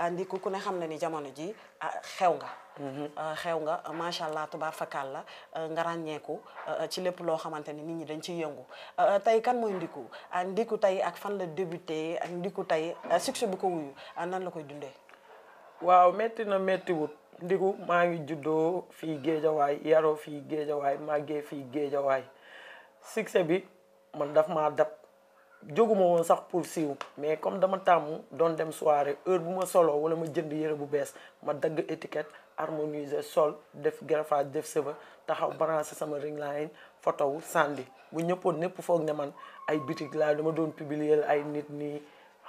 Euh, ndiku ku ne xam na ni jamono ji ah, xew nga mhm. euh, xew nga macha allah tubaar fakal la euh, nga ràññeeku ci lépp loo xamante ni nit ñi dañ ciy yëngu tey kan mooy ndiku ndiku tey ak fan la débuté ak ndiku tey succès bu ko wuyu nan la koy dundee waaw métti na métti wut ndiku maa ngi juddoo fii géejawaay yaroo fii géejawaay màggee fii géejawaay succès bi man daf maa dab jóguma woon sax pour siiw mais comme dama tàmm doon dem soirée heure bu ma solo wala ma jënd yére bu bees ma dagg étiquette harmoniser sol def greffage def sëba taxaw branché sama ring line photo wu sandi bu ñëppoon ñëpp foog ne man ay bitig laa dama doon publier ay nit nii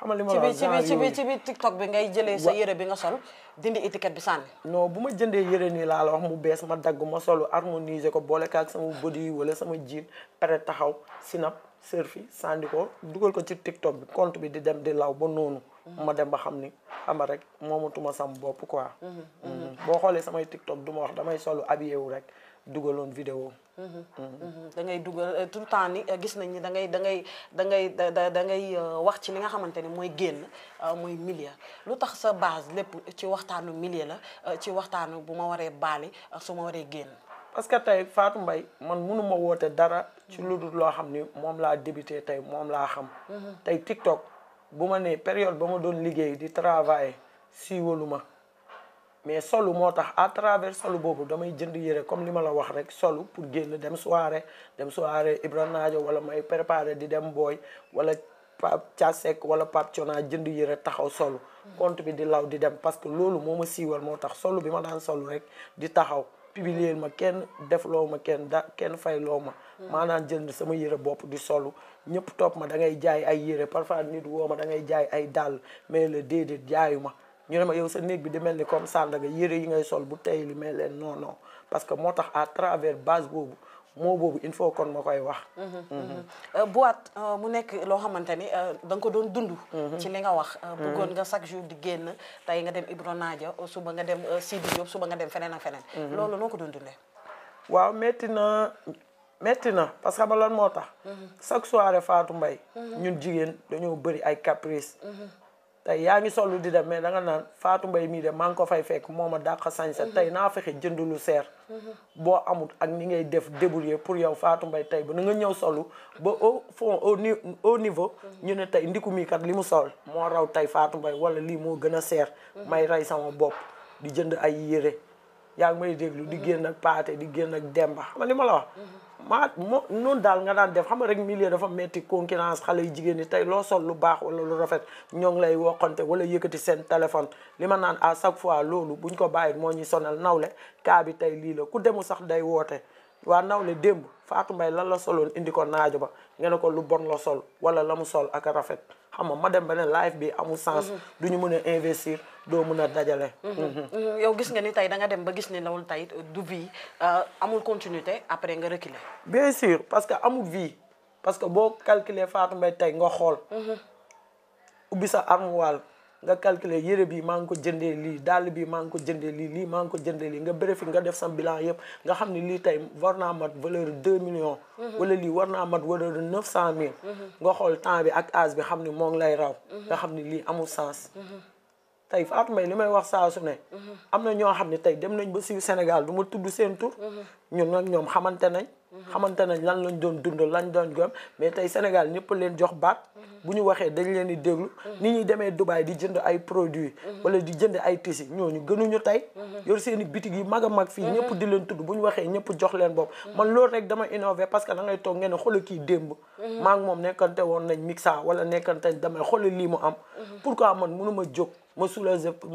xamal li ma la ci bi ci bi ci bi tiktok bi ngay jëlee sa yére bi nga sol dindi étiquette bi sànni non bu ma jëndee yére nii laa la wax mu bees ma dagg ma solu harmoniser ko boole kaak sama body yi wala sama jean pare taxaw sinap surfi sànni ko dugal ko ci tiktok bi compte bi di dem di law ba noonu ma dem ba xam ni xama rek moomatuma sam bopp quoi mhm, mhm. Mhm. boo xoolee samay tiktok du ma wax damay solu habillé wu rek dugaloon vidéo mm-hmm. Mm-hmm. Mm-hmm. da ngay dugal euh, tout le temps ni euh, gis nañ ni da ngay da ngay da ngay da da ngay euh, wax ci li nga xamante ni mooy génn muy milieu lu tax sa base lépp ci waxtaanu milieu la ci waxtaanu bu ma waree baali su ma waree génn. parce que tey Fatou mbay man mënu ma woote dara ci lu dul loo xam ni moom laa débuté tey moom laa xam. tey TikTok bu ma nee période ba ma doon liggéey di travailler siiwalu ma. mais solu moo tax à travers solu boobu damay jënd yére comme li ma la wax rek solu pour génn dem soirée dem soirée Ibra Naajo wala may préparer di dem booy wala Pape Thiasek wala Pape Thiona jënd yére taxaw solu compte bi di law di dem parce que loolu moo ma siiwal moo tax solu bi ma daan solu rek di taxaw publier ma kenn def ma kenn da kenn fay loo ma maanaam jënd sama yére bopp di solu ñëpp topp ma da ngay jaay ay yére parfois nit woo ma da ay dàll mais le déedéet ñu ne ma yow sa néeg bi di mel ni comme Sandaga yére yi ngay sol bu tey li mel leen non non parce que moo tax à travers base boobu moo boobu il faut kon ma koy wax. Mhm, mhm. Mhm. Euh, boîte euh, mu nekk loo xamante ni euh, da ko doon dund. ci li nga wax. bëggoon nga chaque jour di génn tey nga dem Ibro Nadia suba nga dem Sidi Diop suba nga dem feneen ak feneen. loolu noo ko doon dundee. waaw métti na métti na parce que xam nga moo tax. chaque soirée Fatou Mbaye ñu jigéen dañoo bëri ay caprice. tey yaa ngi sollu di dem mais danga naan Fatou Mbaye mii de maa ngi ko fay fekk moo ma dàq sañse mm-hmm. tey naa fexe jënd lu seer mm-hmm. boo amut ak ni ngay def débrouiller pour yow Fatou Mbaye tey ba na nga ñëw sollu ba au fond au au niveau mm-hmm. ñu ne tey ndiku mii kat li mu sol moo raw tey Fatou Mbaye wala lii moo gën a seer may rey sama bopp di jënd ay yére yaa ngi may déglu di génn ak paate di génn ak demba xam ni ma la wax maa moo noonu daal nga daan def xam nga rek milieu dafa metti concurrence xale yu jigéen ñi tey loo sol lu baax wala lu rafet ñoo ngi lay woqante wala yëkkati seen téléphone li ma naan à chaque fois loolu buñ ko bàyyi moo ñuy sonal nawle kaa bi tey lii la ku demu sax day woote waa nawle démb Fatou Mbaye lan la soloon indi ko naajo ba nga ko lu bon la sol wala la mu sol ak rafet xam ma dem ba ne live bi amul sens. Mhm. du ñu mën a investir doo mun a dajale. Mhm. Mhm. yow gis nga ni tey danga dem ba gis ne loolu tey du vie euh, amul continuité après nga reculer. bien sûr parce que amul vie parce que boo calculer Fatou Mbaye tey nga xool. ubbi sa armoire nga calculer yére bi maa ngi ko jëndee lii dàll bi maa ngi ko jëndee lii lii maa ngi ko jëndee lii nga béréfi nga def sa bilan yëpp nga xam ne lii tey war naa mat valeur deux millions mhm. wala lii war naa mat valeur neuf cent mille mhm. nga xool temps bi ak âge bi xam ne moo ngi lay raw mhm. nga xam ne lii amul sens tey Fatou Mbaye li may wax saa su ne am na ñoo xam ne tey dem nañ ba si Sénégal du ma tudd seen tur ñun nag ñoom xamante nañ xamante nañ lan lañ doon dund lañ doon gëm mais tey Sénégal ñëpp leen jox baat bu ñu waxee dañ leen di déglu ni ñuy demee Dubaï di jënd ay produits wala di jënd ay tissus ñooñu gënuñu tey yor seen i bitig yi mag a mag fii ñëpp di leen tudd bu ñu waxee ñëpp jox leen bopp man loolu rek dama innové parce que da ngay toog ngeen ne xoolal kii démb maa ngi moom nekkante woon nañ mixa wala nekkante damay xoolal lii mu am pourquoi man mënuma jóg ma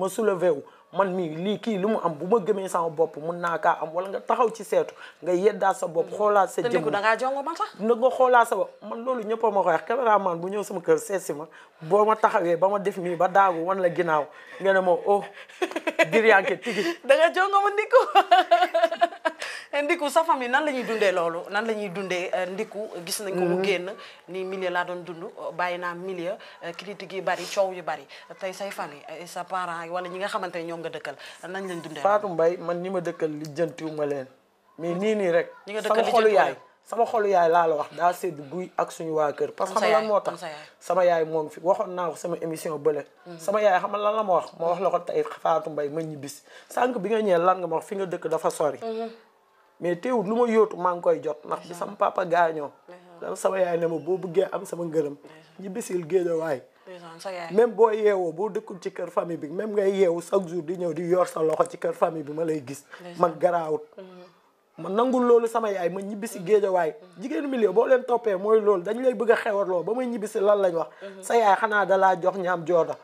soulever ma wu man mii lii kii li mu am bu ma gëmee sama bopp mun naa kaa am wala nga taxaw ci seetu nga yeddaat sa bopp xoolaat sa jëmm dangaa ngaa jongo ma tax na nga xoolaat sa bopp man loolu ñëpp a ma ko wax caméraman bu ñëw sama kër seet si ma boo ma taxawee ba ma def nii ba daagu wan la ginnaaw nga ne ma oh diryanke tigi da jongo ma ndiko ndiku sa famille nan la ñuy dundee loolu nan la ñuy dundee euh, ndiku gis nañ ko mu mm-hmm. génn ni milieu laa doon dund bàyyi naa milieu euh, critique yi bari coow yu bari tey say famille euh, sa parents wala ñi nga xamante ne ñoom nga dëkkal nañ leen dundee faatu mbay man ñi ma dëkkal li jëntiwu ma leen mais mm-hmm. nii nii rek sama xolu yaay sama xolu yaay laa la wax daa sedd guy ak waa kër parce que xam lan moo tax sama yaay moo ngi fi waxoon naa ko sama émission bële mm-hmm. sama yaay xam lan la ma wax ma wax la ko tey Fatou Mbaye ma ñibbis sànq bi nga ñëwee lan nga ma wax fi nga dëkk dafa sori mais teewul lu ma yootu maa ngi koy jot ndax sama papa gaañoo dama sama yaay ne ma boo bëggee am sama ngërëm ñi bisil géejawaay même boo yeewoo boo dëkkul ci kër famille bi même ngay yeewu chaque jour di ñëw di yoor sa loxo ci kër famille bi ma lay gis mag garaawut mm-hmm. ma nangul loolu sama yaay ma ñibbisi géejawaay mm-hmm. jigéenu milieu boo leen toppee mooy loolu dañ lay bëgg a xewarloo ba may ñibbisi lan lañ wax mm-hmm. sa yaay xanaa dalaa jox ñaam jooda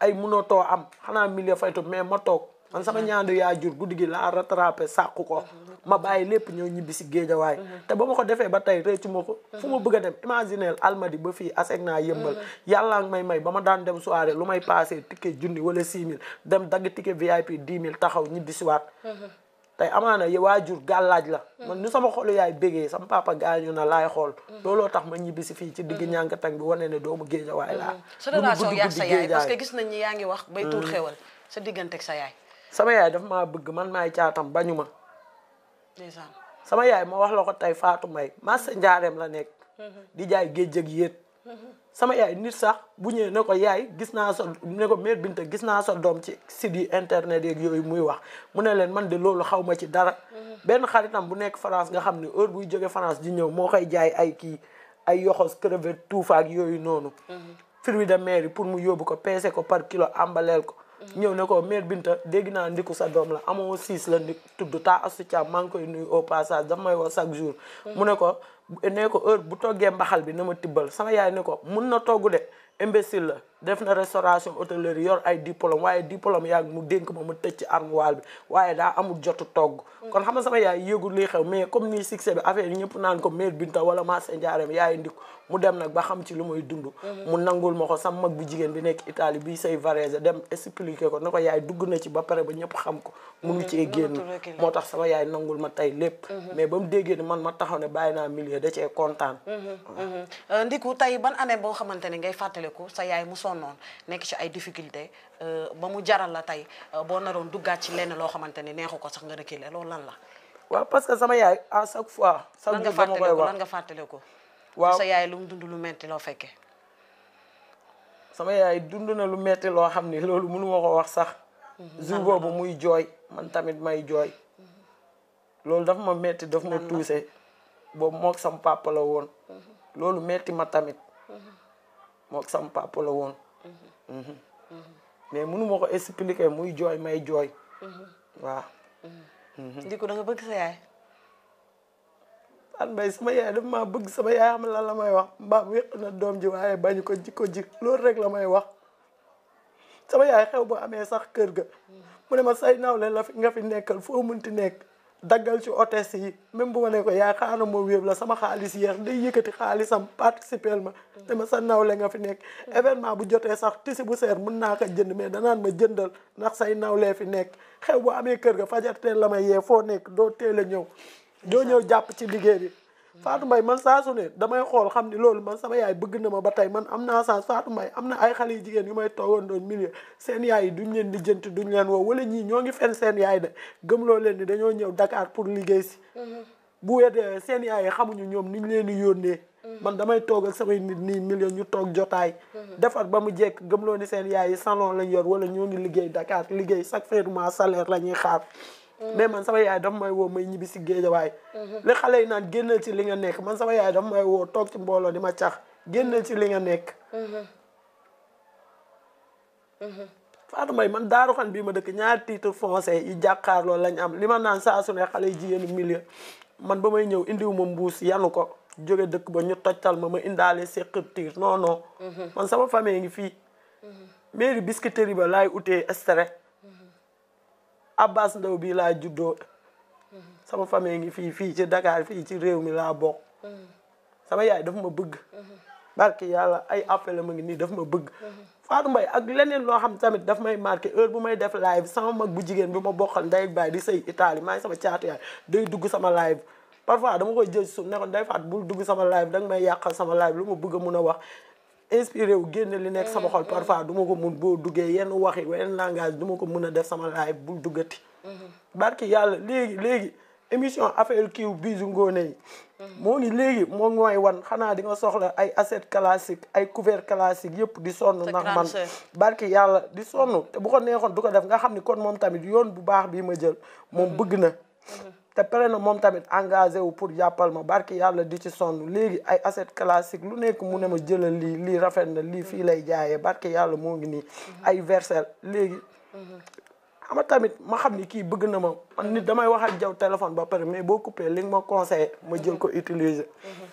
ay munoo too am xanaa milieu faytu mais ma toog man sama ñaandu yaa jur guddi gi laa rattrapé sàqu ko ma bàyyi lépp ñëw ñibbi si géejawaay te ba ma ko defee ba tey réccu ma ko fu ma bëgg a dem imagineel almadi ba fii aseg naa yëmbal yàlla may may ba ma daan dem soirée lu may passé ticket junni wala six mille dem dagg ticket VIP dix mille taxaw ñibbi si waat tey amaana waajur gàllaaj la man ni sama xolu yaay bégee sama papa gaañu na laay xool looloo tax ma ñibbi si fii ci digg ñànkatang bi wane ne doomu géejawaay laa sa relation yaa gis nañ ni yaa ngi wax bay tuur mm. sa diggante sa yaay sama yaay daf ma bëgg man maay caatam bañu ma. ndeysaan sama yaay moo wax la ko tey faatu may marché njaareem la nekk. Mhm. di jaay géej ak yéet. Mhm. sama yaay nit sax bu ñëwee ne ko yaay gis naa sa ne ko mère Binta gis naa sa doom ci site yi internet yeeg yooyu muy wax mu ne leen man de loolu xaw ma ci dara. Mhm. benn xaritam bu nekk France nga xam ne heure buy jóge France di ñëw moo koy jaay ay kii ay yoxos crevette tuufa ak yooyu noonu. fruits de mer yi pour mu yóbbu ko peese ko par kilo ambaleel ko. ñëw ne ko mère Binta dégg naa ndiku sa doom la amoo siis la ni tudd taa asu Thiam maa ngi koy nuyu au passage damay wax chaque jour. mu ne ko ne ko heure bu toggee mbaxal bi na ma tibbal sama yaay ne ko mun na togg de imbécile la. def na restauration hôtellerie yor ay diplôme waaye diplôme yaa mu dénk ma mu tëj ci armoire bi waaye daa amul jotu togg kon xam nga sama yaay yëgul liy xew mais comme ni succès bi affaire yi ñëpp naan ko mère Binta wala Massa Ndiarème yaay ndik mu dem nag ba xam ci lu muy dund mhm. mu nangul ma ko sama mag bi jigéen bi nekk Italie bi say varese dem expliqué ko na ko yaay dugg na ci ba pare ba ñëpp xam ko munu mhm, cee génn moo tax sama yaay nangul ma tey lépp mhm. mais ba mu déggee ma taxaw ne bàyyi naa milieu da cee kontaan euh, ndiku tey ban année boo xamante ne ngay sonnoon nekk ci ay difficulté euh, ba mu jaral la tey euh, boo naroon duggaat ci lenn loo xamante ni neexu ko sax nga reculer loolu lan la. waaw parce que sama yaay à chaque fois. chaque jour dama lan nga fàttale ko waaw sa yaay lu mu dund lu metti loo fekkee. sama yaay dund na lu metti loo xam ne loolu mënu ma ko wax sax. Mhm. jour boobu muy jooy man tamit may jooy. Mhm. loolu dafa ma metti daf ma tuuse boobu mook sam papa la woon. Mhm. loolu metti ma tamit. mook sam papa woon. Mm-hmm. Mm-hmm. Mm-hmm. mais mënu ma ko expliquer muy jooy may jooy. waaw. Ndickou da nga bëgg sa yaay. Anbay sama yaay daf maa bëgg sama yaay am lan la may wax mbaam wéq na doom ji waaye bañu ko ji ko ji loolu rek la may wax. sama yaay xew bu amee sax kër ga. mu ne ma say nawle la fi nga fi nekkal foo munti nekk. daggal ci hôtesse yi même bu wanee ne ko yaay xaaral ma wéeb la sama xaalis yeex day yëkkati xaalisam participer ma te ma sa nawle nga fi nekk événement bu jotee sax tisi bu seer mun naa ko jënd mais danaan ma jëndal ndax say nawlee fi nekk xew bu amee kër ga fajar teel la ma yee foo nekk doo teel a ñëw doo ñëw jàpp ci liggéey bi Fatou mbay man saa su ne damay xool xam ni loolu man sama yaay bëgg na ma ba tey man am naa chance Fatou Mbaye am na ay xale yu jigéen yu may toogandoon milieu seen yaay yi duñ leen lijjanti duñ leen woo wala ñii ñoo ngi fen seen yaay gëmloo leen ni dañoo ñëw Dakar pour liggéey si mhm. bu wetee eh, seen yaay yi xamuñu ñoom niñ leen di yónnee mhm. man damay toog ak samay nit nii million ñu toog jotaay mhm. defar ba mu jekk gëmloo ni seen yaay yi salon lañ yor wala ñoo ngi liggéey Dakar liggéey chaque fin du mois salaire ñuy xaar mais mm. man sama yaay daf may woo may ñibbi si géejawaay li mm-hmm. xale yi naan génnal ci li nga nekk man sama yaay daf may woo toog ci mbooloo di ma cax génnal ci li nga nekk mm-hmm. Mm-hmm. Fatou Mbaye man Daaru Xan bii ma dëkk ñaari titre foncier yi jàkkaarloo lañ am li ma naan saa su ne xale yi jigéenu milieu man ba may ñëw indiwu ma mbuus yanu ko jóge dëkk ba ñu tojtal ma ma indaale seqab tiir man sama famille ngi fii mairie biscuiterie ba laay utee stress Abbas Ndaw bii laa juddoo sama famille ngi fii fii ci dakaar fii ci réew mi laa bokk sama yaay dafa ma bëgg barke yàlla ay appel ma ngi nii dafa ma bëgg Fatou Mbaye ak leneen loo xam tamit daf may marqué heure bu may def live sama mag bu jigéen bi ma bokkal nday baay di sëy Italie maay sama caatu yaay day dugg sama live parfois dama koy jël suuf ne ko Ndeye Fatou bul dugg sama live danga may yàqal sama live lu ma bëgg a mun a wax inspiré wu génn li nekk sama xol mm-hmm. parfois duma ma ko mun boo duggee yenn waxi yenn langage duma ko mun a def sama laay bul duggati. Mm-hmm. barki yàlla léegi léegi émission affaire kiiw bisu ngoone yi. Mm-hmm. moo léegi moom mooy wan xanaa di nga soxla ay assiette classique ay couvert classique yëpp di sonn ndax man barki yàlla di sonn te bu ko neexoon du ko def nga xam ni kon moom tamit yoon bu baax bii ma jël moom bëgg na te pare na moom tamit engagé wu pour jàppal ma barki yàlla di ci sonn léegi ay asset classique lu nekk mu ne ma jëlal lii lii rafet na lii fii lay jaayee barki yàlla moo ngi nii mhm. ay versel léegi mhm. ama tamit ma xam ni kii bëgg na ma man nit damay wax ak jaw téléphone ba pare mais boo coupé li ma conseillé ma jël ko utiliser mhm.